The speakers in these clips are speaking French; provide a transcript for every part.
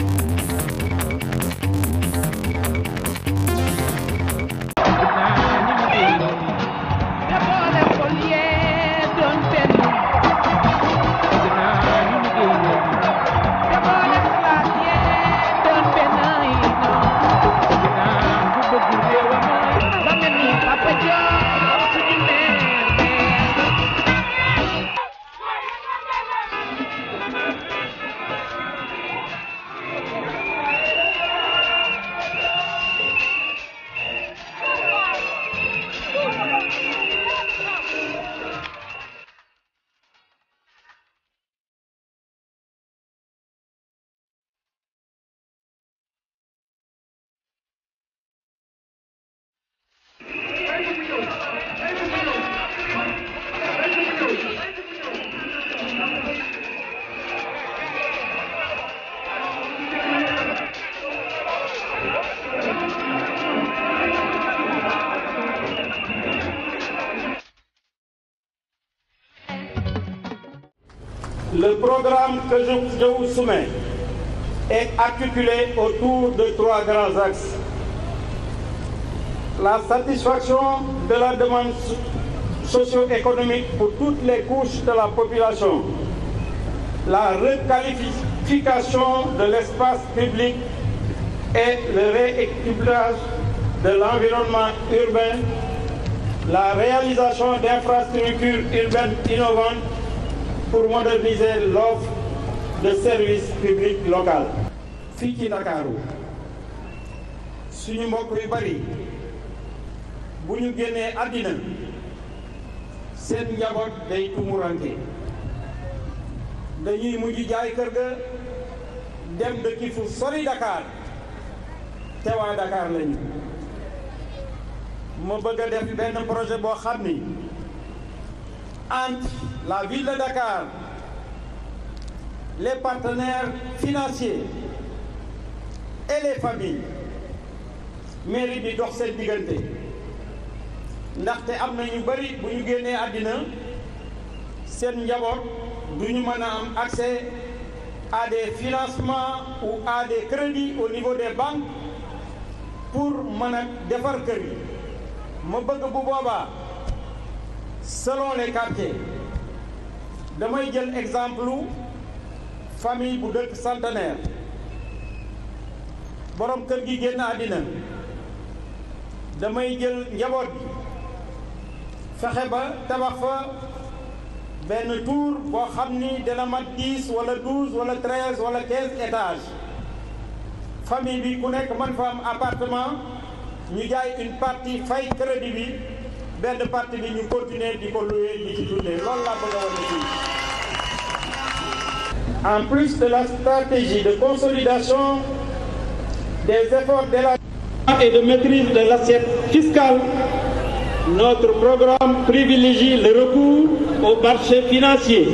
Thank you. Le programme que je, vous soumets est articulé autour de trois grands axes. La satisfaction de la demande socio-économique pour toutes les couches de la population, la requalification de l'espace public et le rééquilibrage de l'environnement urbain, la réalisation d'infrastructures urbaines innovantes pour moderniser l'offre de service public local. fii ci Ndakaaru suñu mbokk yu bari bu ñu génnee àddina seen njaboot day tumuranke dañuy mujj jaay kër ga dem dëkki fu sori Dakar te waa Dakar lañu ma bëgg a def benn projet boo xam ni entre la ville de Dakar, les partenaires financiers et les familles mairie de dox cette Nous Nous avons na ñu bari bu ñu accès à des financements ou à des crédits au niveau des banques pour faire des selon les quartiers damay jël exemple famille de deux centenaire borom kër gi génn àddina damay jël njaboot bi fexe ba tabax fa benn tour boo xam ni dana wala wala wala étage. famille bi ku nekk man fa am appartement ñu jaay une partie fay crédit bi en plus de la stratégie de consolidation des efforts de la et de maîtrise de l'assiette fiscale notre programme privilégie le recours au marché financier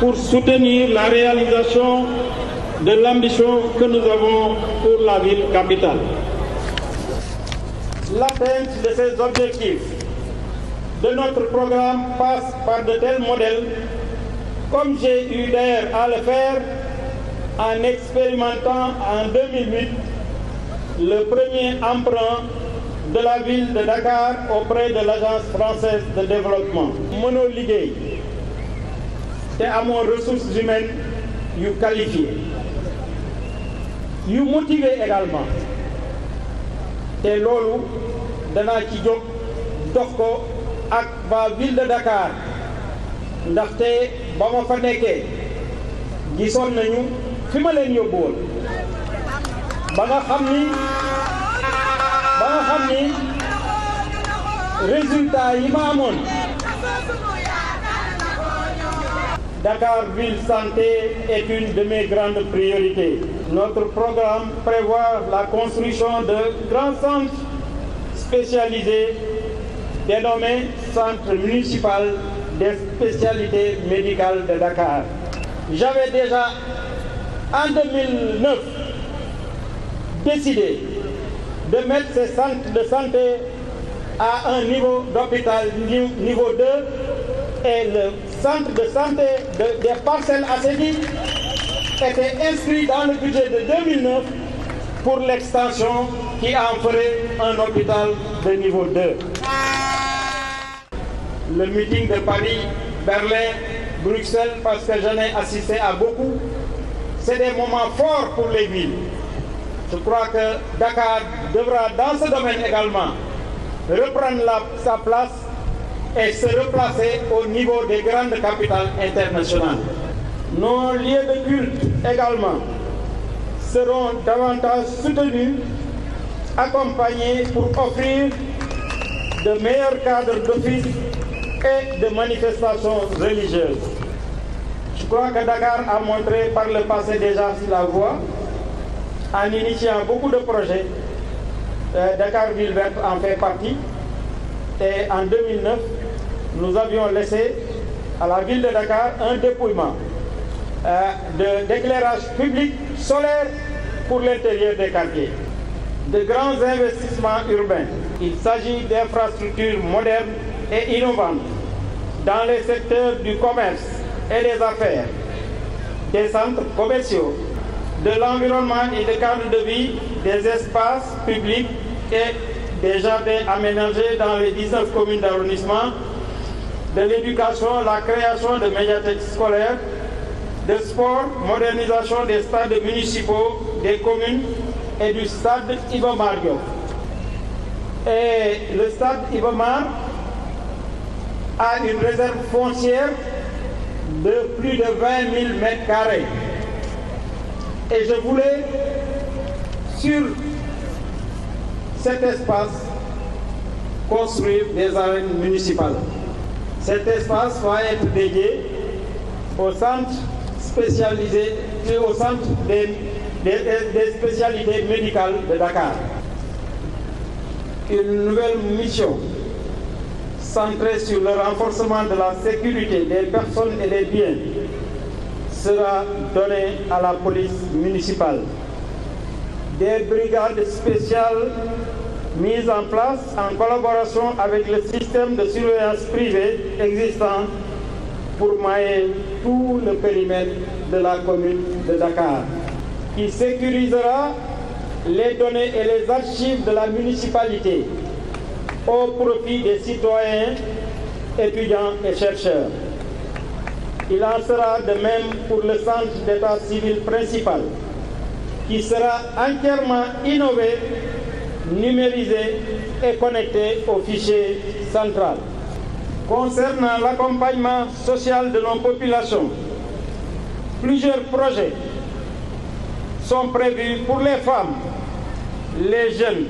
pour soutenir la réalisation de l'ambition que nous avons pour la ville capitale. L'atteinte de ces objectifs de notre programme passe par de tels modèles, comme j'ai eu l'air à le faire en expérimentant en 2008 le premier emprunt de la ville de Dakar auprès de l'Agence française de développement. mënoo c'est à mon ressources humaines you qualifiées vous motivées également te loolu danaa ci jóg dox ko ak waa ville de Dakar ndaxte ba ma fa nekkee gisoon nañu fi ma leen yóbbu woon ba ba nga xam ni résultat yi ma amoon Dakar Ville Santé est une de mes grandes priorités. Notre programme prévoit la construction de grands centres spécialisés dénommés Centre municipal des spécialités médicales de Dakar. J'avais déjà en 2009 décidé de mettre ces centres de santé à un niveau d'hôpital niveau 2 et le centre de santé des parcelles assainies était inscrit dans le budget de 2009 pour l'extension qui en ferait un hôpital de niveau 2. Le meeting de Paris, Berlin, Bruxelles, parce que j'en ai assisté à beaucoup, c'est des moments forts pour les villes. Je crois que Dakar devra, dans ce domaine également, reprendre sa place et se replacer au niveau des grandes capitales internationales. Nos lieux de culte également seront davantage soutenus, accompagnés pour offrir de meilleurs cadres d'office et de manifestations religieuses. Je crois que Dakar a montré par le passé déjà la voie en initiant beaucoup de projets. Euh, Dakar Ville en fait partie. Et en 2009, nous avions laissé à la ville de Dakar un dépouillement euh, d'éclairage public solaire pour l'intérieur des quartiers. De grands investissements urbains. Il s'agit d'infrastructures modernes et innovantes dans les secteurs du commerce et des affaires, des centres commerciaux, de l'environnement et des cadres de vie, des espaces publics et déjà aménagé dans les 19 communes d'arrondissement, de l'éducation, la création de médiathèques scolaires, de sport, modernisation des stades municipaux des communes et du stade Ibomar Et le stade Ibomar a une réserve foncière de plus de 20 000 mètres carrés. Et je voulais, sur cet espace, construit des arènes municipales. Cet espace va être dédié au centre spécialisé, et au centre des, des, des spécialités médicales de Dakar. Une nouvelle mission centrée sur le renforcement de la sécurité des personnes et des biens sera donnée à la police municipale des brigades spéciales mises en place en collaboration avec le système de surveillance privée existant pour mailler tout le périmètre de la commune de Dakar, qui sécurisera les données et les archives de la municipalité au profit des citoyens, étudiants et chercheurs. Il en sera de même pour le centre d'état civil principal, qui sera entièrement innové, numérisé et connecté au fichier central. Concernant l'accompagnement social de nos populations, plusieurs projets sont prévus pour les femmes, les jeunes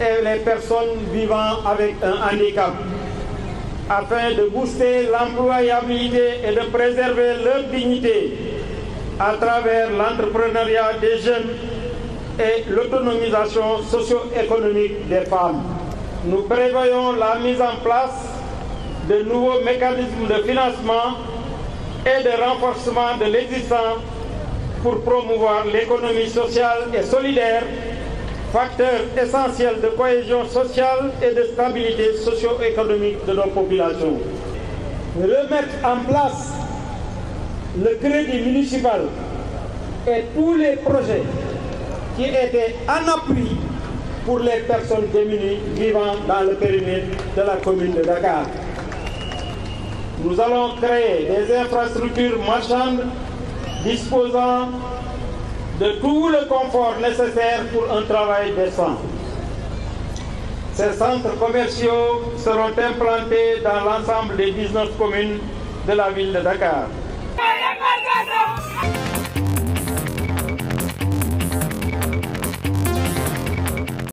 et les personnes vivant avec un handicap afin de booster l'employabilité et de préserver leur dignité à travers l'entrepreneuriat des jeunes et l'autonomisation socio-économique des femmes. Nous prévoyons la mise en place de nouveaux mécanismes de financement et de renforcement de l'existant pour promouvoir l'économie sociale et solidaire, facteur essentiel de cohésion sociale et de stabilité socio-économique de nos populations. Remettre en place le crédit municipal et tous les projets qui étaient en appui pour les personnes démunies vivant dans le périmètre de la commune de Dakar. Nous allons créer des infrastructures marchandes disposant de tout le confort nécessaire pour un travail décent. Ces centres commerciaux seront implantés dans l'ensemble des 19 communes de la ville de Dakar. ¡Vaya,